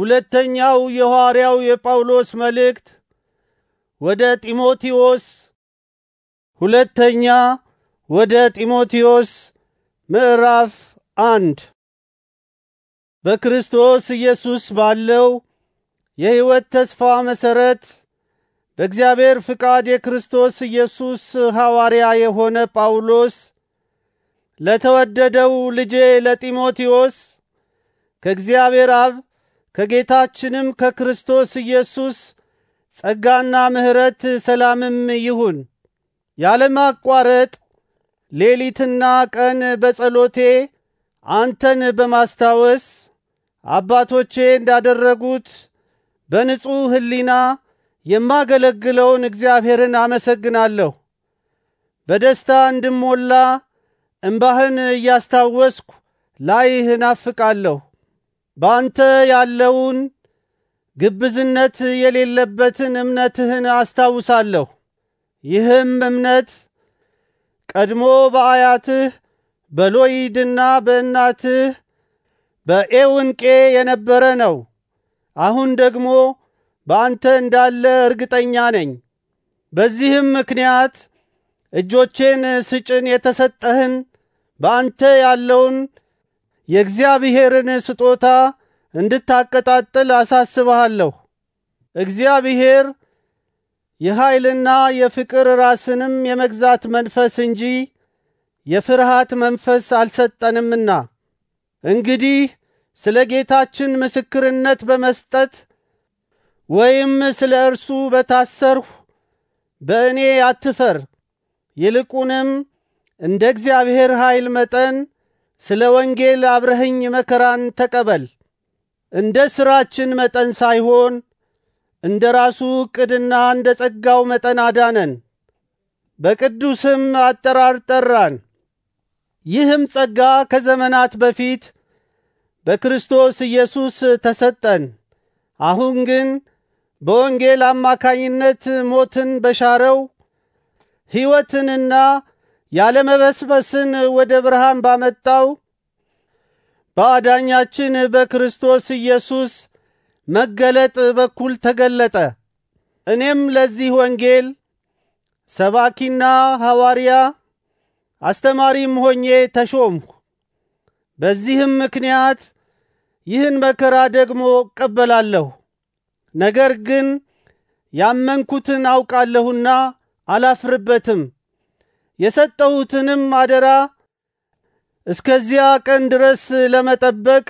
ሁለተኛው የሐዋርያው የጳውሎስ መልእክት ወደ ጢሞቴዎስ ሁለተኛ ወደ ጢሞቴዎስ ምዕራፍ አንድ በክርስቶስ ኢየሱስ ባለው የሕይወት ተስፋ መሰረት በእግዚአብሔር ፍቃድ የክርስቶስ ኢየሱስ ሐዋርያ የሆነ ጳውሎስ ለተወደደው ልጄ ለጢሞቴዎስ ከእግዚአብሔር አብ ከጌታችንም ከክርስቶስ ኢየሱስ ጸጋና ምሕረት ሰላምም ይሁን። ያለማቋረጥ ሌሊትና ቀን በጸሎቴ አንተን በማስታወስ አባቶቼ እንዳደረጉት በንጹሕ ሕሊና የማገለግለውን እግዚአብሔርን አመሰግናለሁ። በደስታ እንድሞላ እምባህን እያስታወስኩ ላይህ እናፍቃለሁ። በአንተ ያለውን ግብዝነት የሌለበትን እምነትህን አስታውሳለሁ። ይህም እምነት ቀድሞ በአያትህ በሎይድና በእናትህ በኤውንቄ የነበረ ነው። አሁን ደግሞ በአንተ እንዳለ እርግጠኛ ነኝ። በዚህም ምክንያት እጆቼን ስጭን የተሰጠህን በአንተ ያለውን የእግዚአብሔርን ስጦታ እንድታቀጣጥል አሳስበሃለሁ። እግዚአብሔር የኃይልና የፍቅር ራስንም የመግዛት መንፈስ እንጂ የፍርሃት መንፈስ አልሰጠንምና። እንግዲህ ስለ ጌታችን ምስክርነት በመስጠት ወይም ስለ እርሱ በታሰርሁ በእኔ አትፈር። ይልቁንም እንደ እግዚአብሔር ኃይል መጠን ስለ ወንጌል አብረኸኝ መከራን ተቀበል። እንደ ሥራችን መጠን ሳይሆን እንደ ራሱ ዕቅድና እንደ ጸጋው መጠን አዳነን፣ በቅዱስም አጠራር ጠራን። ይህም ጸጋ ከዘመናት በፊት በክርስቶስ ኢየሱስ ተሰጠን። አሁን ግን በወንጌል አማካኝነት ሞትን በሻረው ሕይወትንና ያለመበስበስን ወደ ብርሃን ባመጣው በአዳኛችን በክርስቶስ ኢየሱስ መገለጥ በኩል ተገለጠ። እኔም ለዚህ ወንጌል ሰባኪና ሐዋርያ አስተማሪም ሆኜ ተሾምሁ። በዚህም ምክንያት ይህን መከራ ደግሞ እቀበላለሁ። ነገር ግን ያመንኩትን አውቃለሁና አላፍርበትም። የሰጠሁትንም አደራ እስከዚያ ቀን ድረስ ለመጠበቅ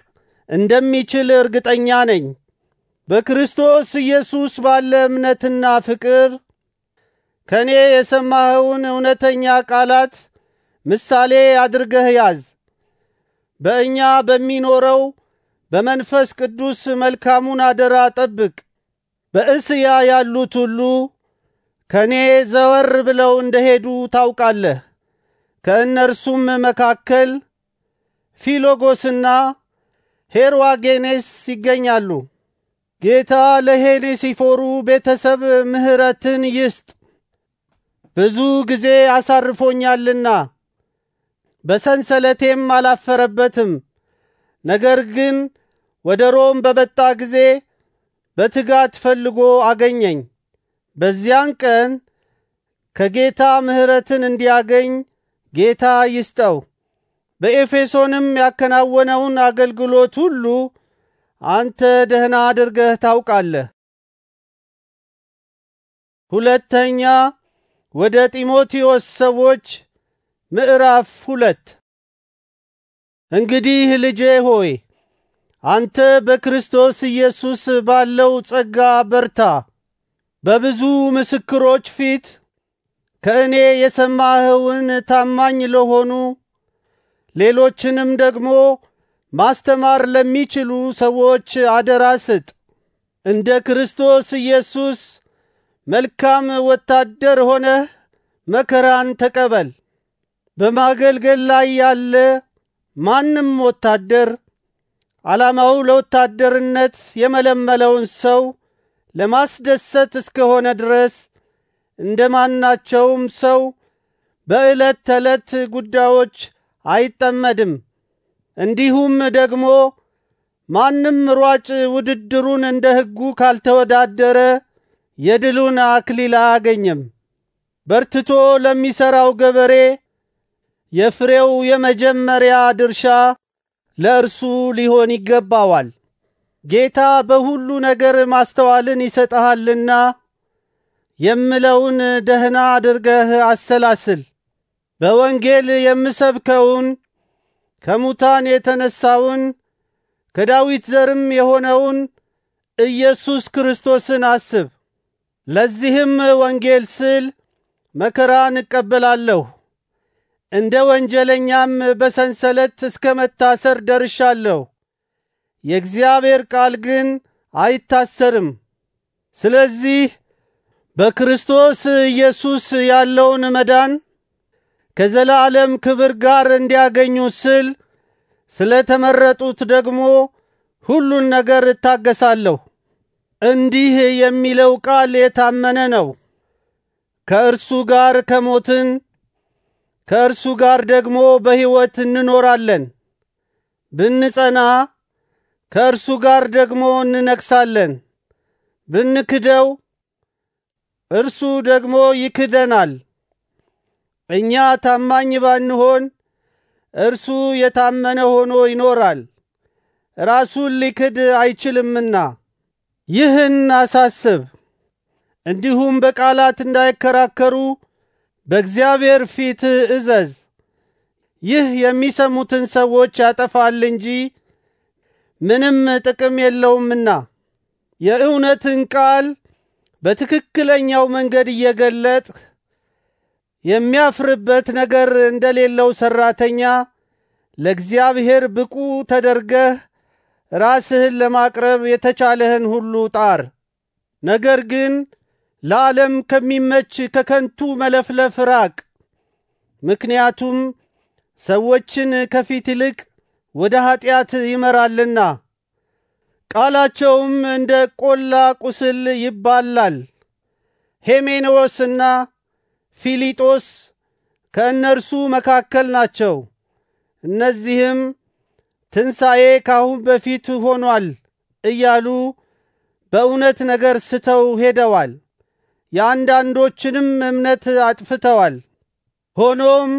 እንደሚችል እርግጠኛ ነኝ። በክርስቶስ ኢየሱስ ባለ እምነትና ፍቅር ከኔ የሰማኸውን እውነተኛ ቃላት ምሳሌ አድርገህ ያዝ። በእኛ በሚኖረው በመንፈስ ቅዱስ መልካሙን አደራ ጠብቅ። በእስያ ያሉት ሁሉ ከኔ ዘወር ብለው እንደሄዱ ታውቃለህ። ከእነርሱም መካከል ፊሎጎስና ሄርዋጌኔስ ይገኛሉ። ጌታ ለሄኔሲፎሩ ቤተሰብ ምሕረትን ይስጥ፣ ብዙ ጊዜ አሳርፎኛልና በሰንሰለቴም አላፈረበትም። ነገር ግን ወደ ሮም በመጣ ጊዜ በትጋት ፈልጎ አገኘኝ። በዚያን ቀን ከጌታ ምሕረትን እንዲያገኝ ጌታ ይስጠው። በኤፌሶንም ያከናወነውን አገልግሎት ሁሉ አንተ ደህና አድርገህ ታውቃለህ። ሁለተኛ ወደ ጢሞቴዎስ ሰዎች ምዕራፍ ሁለት እንግዲህ ልጄ ሆይ አንተ በክርስቶስ ኢየሱስ ባለው ጸጋ በርታ፣ በብዙ ምስክሮች ፊት ከእኔ የሰማኸውን ታማኝ ለሆኑ ሌሎችንም ደግሞ ማስተማር ለሚችሉ ሰዎች አደራ ስጥ። እንደ ክርስቶስ ኢየሱስ መልካም ወታደር ሆነህ መከራን ተቀበል። በማገልገል ላይ ያለ ማንም ወታደር ዓላማው ለወታደርነት የመለመለውን ሰው ለማስደሰት እስከሆነ ድረስ እንደማናቸውም ሰው በዕለት ተዕለት ጉዳዮች አይጠመድም። እንዲሁም ደግሞ ማንም ሯጭ ውድድሩን እንደ ሕጉ ካልተወዳደረ የድሉን አክሊል አያገኘም። በርትቶ ለሚሰራው ገበሬ የፍሬው የመጀመሪያ ድርሻ ለእርሱ ሊሆን ይገባዋል። ጌታ በሁሉ ነገር ማስተዋልን ይሰጠሃልና የምለውን ደህና አድርገህ አሰላስል። በወንጌል የምሰብከውን ከሙታን የተነሳውን ከዳዊት ዘርም የሆነውን ኢየሱስ ክርስቶስን አስብ። ለዚህም ወንጌል ስል መከራን እቀበላለሁ፣ እንደ ወንጀለኛም በሰንሰለት እስከ መታሰር ደርሻለሁ። የእግዚአብሔር ቃል ግን አይታሰርም። ስለዚህ በክርስቶስ ኢየሱስ ያለውን መዳን ከዘላለም ክብር ጋር እንዲያገኙ ስል ስለ ተመረጡት ደግሞ ሁሉን ነገር እታገሳለሁ። እንዲህ የሚለው ቃል የታመነ ነው። ከእርሱ ጋር ከሞትን ከእርሱ ጋር ደግሞ በሕይወት እንኖራለን። ብንጸና ከእርሱ ጋር ደግሞ እንነግሳለን። ብንክደው እርሱ ደግሞ ይክደናል። እኛ ታማኝ ባንሆን እርሱ የታመነ ሆኖ ይኖራል፣ ራሱን ሊክድ አይችልምና። ይህን አሳስብ። እንዲሁም በቃላት እንዳይከራከሩ በእግዚአብሔር ፊት እዘዝ። ይህ የሚሰሙትን ሰዎች ያጠፋል እንጂ ምንም ጥቅም የለውምና የእውነትን ቃል በትክክለኛው መንገድ እየገለጥ የሚያፍርበት ነገር እንደሌለው ሰራተኛ ለእግዚአብሔር ብቁ ተደርገህ ራስህን ለማቅረብ የተቻለህን ሁሉ ጣር። ነገር ግን ለዓለም ከሚመች ከከንቱ መለፍለፍ ራቅ። ምክንያቱም ሰዎችን ከፊት ይልቅ ወደ ኀጢአት ይመራልና። ቃላቸውም እንደ ቆላ ቁስል ይባላል። ሄሜኔዎስና ፊሊጦስ ከእነርሱ መካከል ናቸው። እነዚህም ትንሣኤ ካሁን በፊት ሆኗል እያሉ በእውነት ነገር ስተው ሄደዋል። የአንዳንዶችንም እምነት አጥፍተዋል። ሆኖም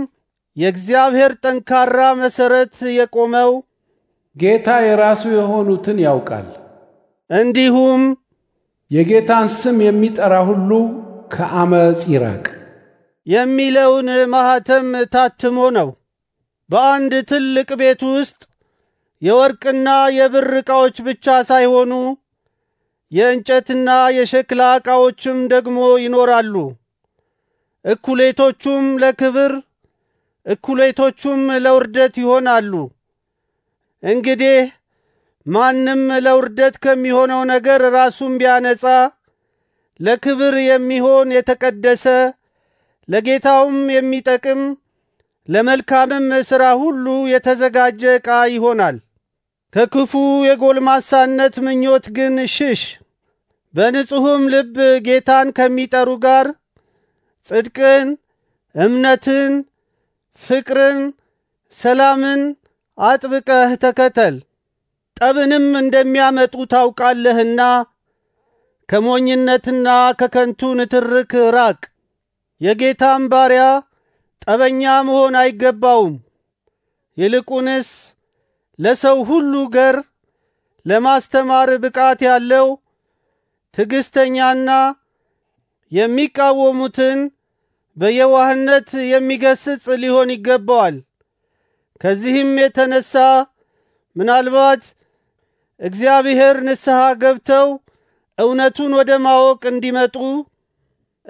የእግዚአብሔር ጠንካራ መሰረት የቆመው ጌታ የራሱ የሆኑትን ያውቃል። እንዲሁም የጌታን ስም የሚጠራ ሁሉ ከአመፅ ይራቅ የሚለውን ማኅተም ታትሞ ነው። በአንድ ትልቅ ቤት ውስጥ የወርቅና የብር ዕቃዎች ብቻ ሳይሆኑ የእንጨትና የሸክላ ዕቃዎችም ደግሞ ይኖራሉ። እኩሌቶቹም ለክብር እኩሌቶቹም ለውርደት ይሆናሉ። እንግዲህ ማንም ለውርደት ከሚሆነው ነገር ራሱን ቢያነጻ ለክብር የሚሆን የተቀደሰ ለጌታውም የሚጠቅም ለመልካምም ሥራ ሁሉ የተዘጋጀ ዕቃ ይሆናል። ከክፉ የጎልማሳነት ምኞት ግን ሽሽ። በንጹሕም ልብ ጌታን ከሚጠሩ ጋር ጽድቅን፣ እምነትን፣ ፍቅርን፣ ሰላምን አጥብቀህ ተከተል፣ ጠብንም እንደሚያመጡ ታውቃለህና ከሞኝነትና ከከንቱ ንትርክ ራቅ። የጌታም ባሪያ ጠበኛ መሆን አይገባውም። ይልቁንስ ለሰው ሁሉ ገር ለማስተማር ብቃት ያለው ትዕግስተኛና የሚቃወሙትን በየዋህነት የሚገስጽ ሊሆን ይገባዋል። ከዚህም የተነሳ ምናልባት እግዚአብሔር ንስሐ ገብተው እውነቱን ወደ ማወቅ እንዲመጡ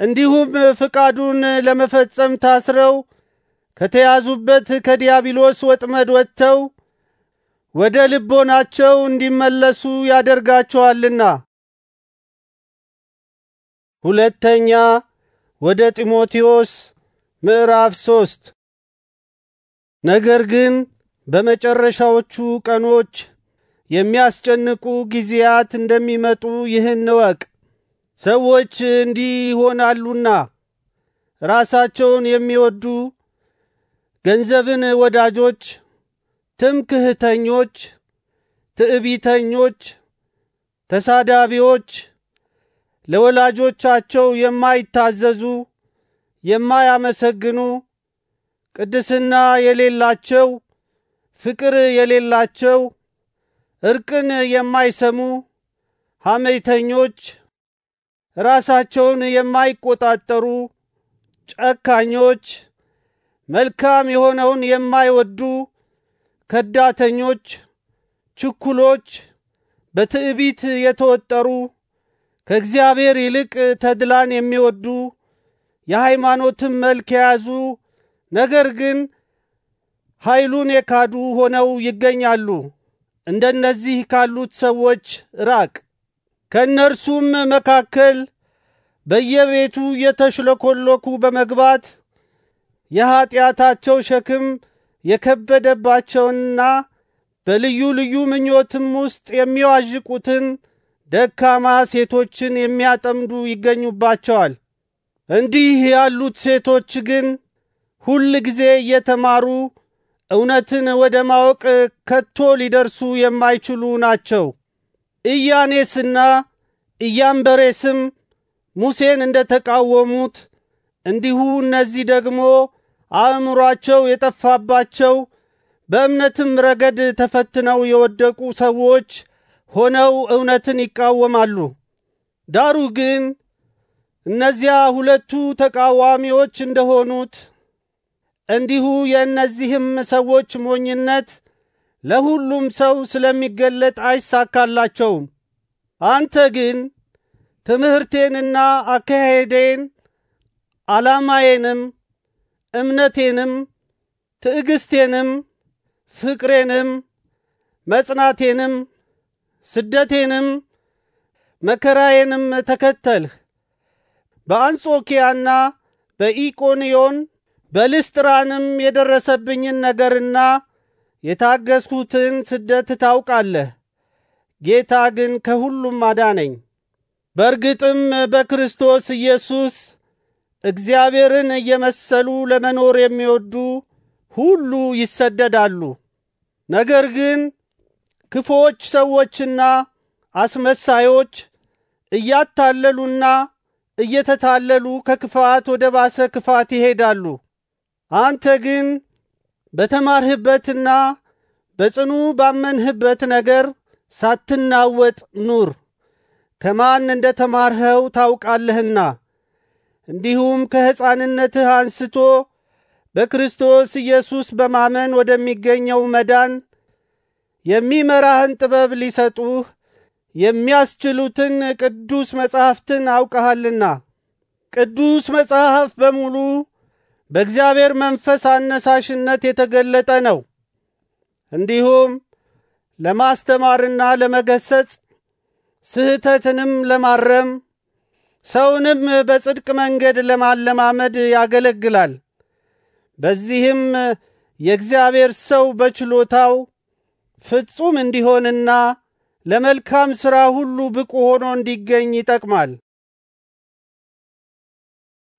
እንዲሁም ፍቃዱን ለመፈጸም ታስረው ከተያዙበት ከዲያብሎስ ወጥመድ ወጥተው ወደ ልቦናቸው እንዲመለሱ ያደርጋቸዋልና። ሁለተኛ ወደ ጢሞቴዎስ ምዕራፍ ሶስት ነገር ግን በመጨረሻዎቹ ቀኖች የሚያስጨንቁ ጊዜያት እንደሚመጡ ይህን እወቅ። ሰዎች እንዲህ ይሆናሉና ራሳቸውን የሚወዱ ገንዘብን ወዳጆች፣ ትምክህተኞች፣ ትዕቢተኞች፣ ተሳዳቢዎች፣ ለወላጆቻቸው የማይታዘዙ፣ የማያመሰግኑ፣ ቅድስና የሌላቸው፣ ፍቅር የሌላቸው፣ እርቅን የማይሰሙ፣ ሐሜተኞች፣ ራሳቸውን የማይቆጣጠሩ፣ ጨካኞች፣ መልካም የሆነውን የማይወዱ፣ ከዳተኞች፣ ችኩሎች፣ በትዕቢት የተወጠሩ፣ ከእግዚአብሔር ይልቅ ተድላን የሚወዱ የሃይማኖትም መልክ የያዙ ነገር ግን ኃይሉን የካዱ ሆነው ይገኛሉ። እንደነዚህ ካሉት ሰዎች ራቅ። ከእነርሱም መካከል በየቤቱ የተሽለኮለኩ በመግባት የኀጢአታቸው ሸክም የከበደባቸውንና በልዩ ልዩ ምኞትም ውስጥ የሚዋዥቁትን ደካማ ሴቶችን የሚያጠምዱ ይገኙባቸዋል። እንዲህ ያሉት ሴቶች ግን ሁል ጊዜ የተማሩ እውነትን ወደ ማወቅ ከቶ ሊደርሱ የማይችሉ ናቸው። ኢያኔስና ኢያምበሬስም ሙሴን እንደ ተቃወሙት እንዲሁ እነዚህ ደግሞ አእምሯቸው የጠፋባቸው በእምነትም ረገድ ተፈትነው የወደቁ ሰዎች ሆነው እውነትን ይቃወማሉ። ዳሩ ግን እነዚያ ሁለቱ ተቃዋሚዎች እንደሆኑት እንዲሁ የእነዚህም ሰዎች ሞኝነት ለሁሉም ሰው ስለሚገለጥ አይሳካላቸውም። አንተ ግን ትምህርቴንና አካሄዴን ዓላማዬንም እምነቴንም ትዕግስቴንም ፍቅሬንም መጽናቴንም ስደቴንም መከራዬንም ተከተልህ። በአንጾኪያና በኢቆንዮን በልስጥራንም የደረሰብኝን ነገርና የታገስኩትን ስደት ታውቃለህ። ጌታ ግን ከሁሉም አዳነኝ። በእርግጥም በክርስቶስ ኢየሱስ እግዚአብሔርን እየመሰሉ ለመኖር የሚወዱ ሁሉ ይሰደዳሉ። ነገር ግን ክፉዎች ሰዎችና አስመሳዮች እያታለሉና እየተታለሉ ከክፋት ወደ ባሰ ክፋት ይሄዳሉ። አንተ ግን በተማርህበትና በጽኑ ባመንህበት ነገር ሳትናወጥ ኑር። ከማን እንደ ተማርኸው ታውቃለህና። እንዲሁም ከሕፃንነትህ አንስቶ በክርስቶስ ኢየሱስ በማመን ወደሚገኘው መዳን የሚመራህን ጥበብ ሊሰጡህ የሚያስችሉትን ቅዱስ መጻሕፍትን አውቀሃልና። ቅዱስ መጽሐፍ በሙሉ በእግዚአብሔር መንፈስ አነሳሽነት የተገለጠ ነው። እንዲሁም ለማስተማርና ለመገሰጽ፣ ስህተትንም ለማረም፣ ሰውንም በጽድቅ መንገድ ለማለማመድ ያገለግላል። በዚህም የእግዚአብሔር ሰው በችሎታው ፍጹም እንዲሆንና ለመልካም ሥራ ሁሉ ብቁ ሆኖ እንዲገኝ ይጠቅማል።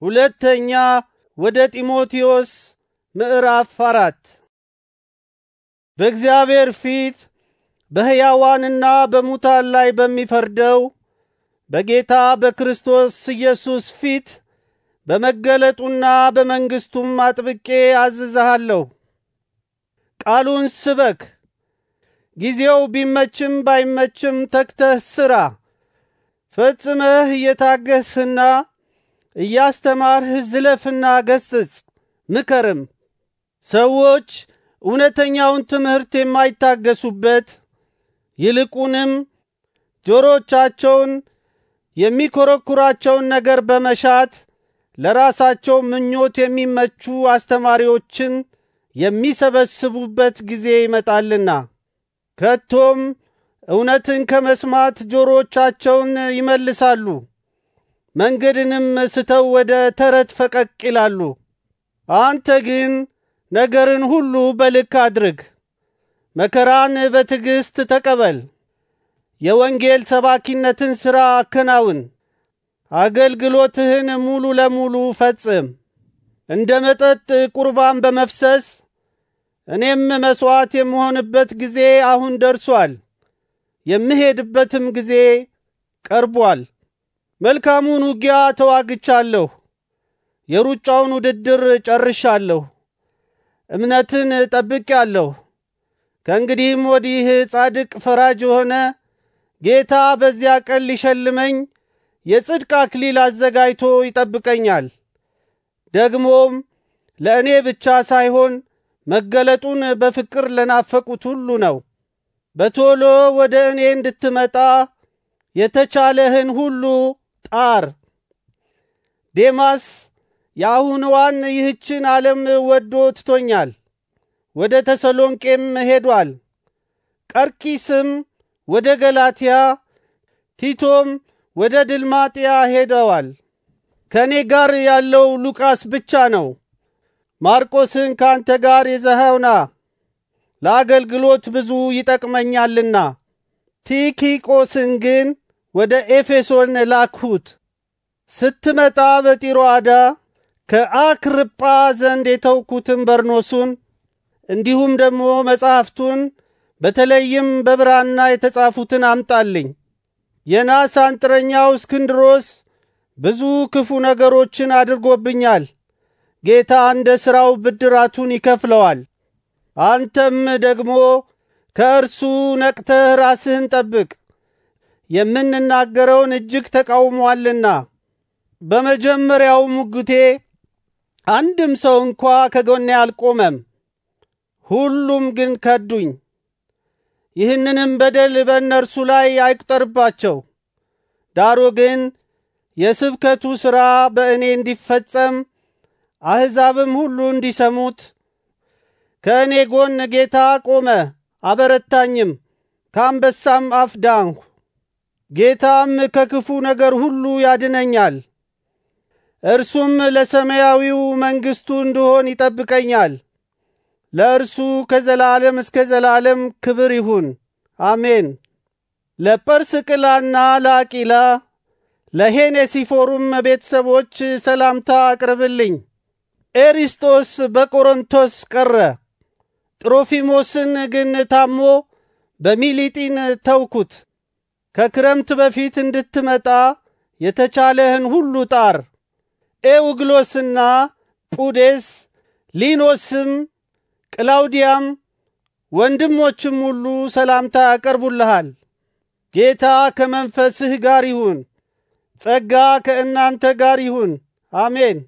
ሁለተኛ ወደ ጢሞቴዎስ ምዕራፍ አራት በእግዚአብሔር ፊት በሕያዋንና በሙታን ላይ በሚፈርደው በጌታ በክርስቶስ ኢየሱስ ፊት በመገለጡና በመንግስቱም አጥብቄ አዝዝሃለሁ። ቃሉን ስበክ። ጊዜው ቢመችም ባይመችም ተክተህ ስራ። ፈጽመህ እየታገስህና እያስተማርህ ዝለፍና ገስጽ፣ ምከርም። ሰዎች እውነተኛውን ትምህርት የማይታገሱበት ይልቁንም ጆሮቻቸውን የሚኮረኩራቸውን ነገር በመሻት ለራሳቸው ምኞት የሚመቹ አስተማሪዎችን የሚሰበስቡበት ጊዜ ይመጣልና ከቶም እውነትን ከመስማት ጆሮቻቸውን ይመልሳሉ። መንገድንም ስተው ወደ ተረት ፈቀቅ ይላሉ። አንተ ግን ነገርን ሁሉ በልክ አድርግ፣ መከራን በትዕግስት ተቀበል፣ የወንጌል ሰባኪነትን ሥራ አከናውን፣ አገልግሎትህን ሙሉ ለሙሉ ፈጽም። እንደ መጠጥ ቁርባን በመፍሰስ እኔም መሥዋዕት የምሆንበት ጊዜ አሁን ደርሷል፣ የምሄድበትም ጊዜ ቀርቧል መልካሙን ውጊያ ተዋግቻለሁ፣ የሩጫውን ውድድር ጨርሻለሁ፣ እምነትን ጠብቄአለሁ። ከእንግዲህም ወዲህ ጻድቅ ፈራጅ የሆነ ጌታ በዚያ ቀን ሊሸልመኝ የጽድቅ አክሊል አዘጋጅቶ ይጠብቀኛል። ደግሞም ለእኔ ብቻ ሳይሆን መገለጡን በፍቅር ለናፈቁት ሁሉ ነው። በቶሎ ወደ እኔ እንድትመጣ የተቻለህን ሁሉ ጣር። ዴማስ የአሁንዋን ይህችን ዓለም ወዶ ትቶኛል፣ ወደ ተሰሎንቄም ሄዷል። ቀርኪስም ወደ ገላትያ፣ ቲቶም ወደ ድልማጥያ ሄደዋል። ከእኔ ጋር ያለው ሉቃስ ብቻ ነው። ማርቆስን ከአንተ ጋር ይዘኸውና ለአገልግሎት ብዙ ይጠቅመኛልና። ቲኪቆስን ግን ወደ ኤፌሶን ላኩት! ስትመጣ በጢሮአዳ ከአክርጳ ዘንድ የተውኩትን በርኖሱን እንዲሁም ደግሞ መጻሕፍቱን በተለይም በብራና የተጻፉትን አምጣልኝ። የናስ አንጥረኛው እስክንድሮስ ብዙ ክፉ ነገሮችን አድርጎብኛል። ጌታ እንደ ሥራው ብድራቱን ይከፍለዋል። አንተም ደግሞ ከእርሱ ነቅተህ ራስህን ጠብቅ። የምንናገረውን እጅግ ተቃውሟልና በመጀመሪያው ሙግቴ አንድም ሰው እንኳ ከጎኔ አልቆመም፣ ሁሉም ግን ከዱኝ። ይህንንም በደል በእነርሱ ላይ አይቁጠርባቸው። ዳሩ ግን የስብከቱ ሥራ በእኔ እንዲፈጸም አሕዛብም ሁሉ እንዲሰሙት ከእኔ ጎን ጌታ ቆመ፣ አበረታኝም፣ ከአንበሳም አፍ ዳንሁ። ጌታም ከክፉ ነገር ሁሉ ያድነኛል። እርሱም ለሰማያዊው መንግስቱ እንድሆን ይጠብቀኛል። ለእርሱ ከዘላለም እስከ ዘላለም ክብር ይሁን፣ አሜን። ለጰርስቅላና ለአቂላ ለሄኔሲፎሩም ቤተሰቦች ሰላምታ አቅርብልኝ። ኤሪስጦስ በቆሮንቶስ ቀረ፣ ጥሮፊሞስን ግን ታሞ በሚሊጢን ተውኩት። ከክረምት በፊት እንድትመጣ የተቻለህን ሁሉ ጣር። ኤውግሎስና ጱዴስ ሊኖስም ቅላውዲያም ወንድሞችም ሁሉ ሰላምታ ያቀርቡልሃል። ጌታ ከመንፈስህ ጋር ይሁን። ጸጋ ከእናንተ ጋር ይሁን። አሜን።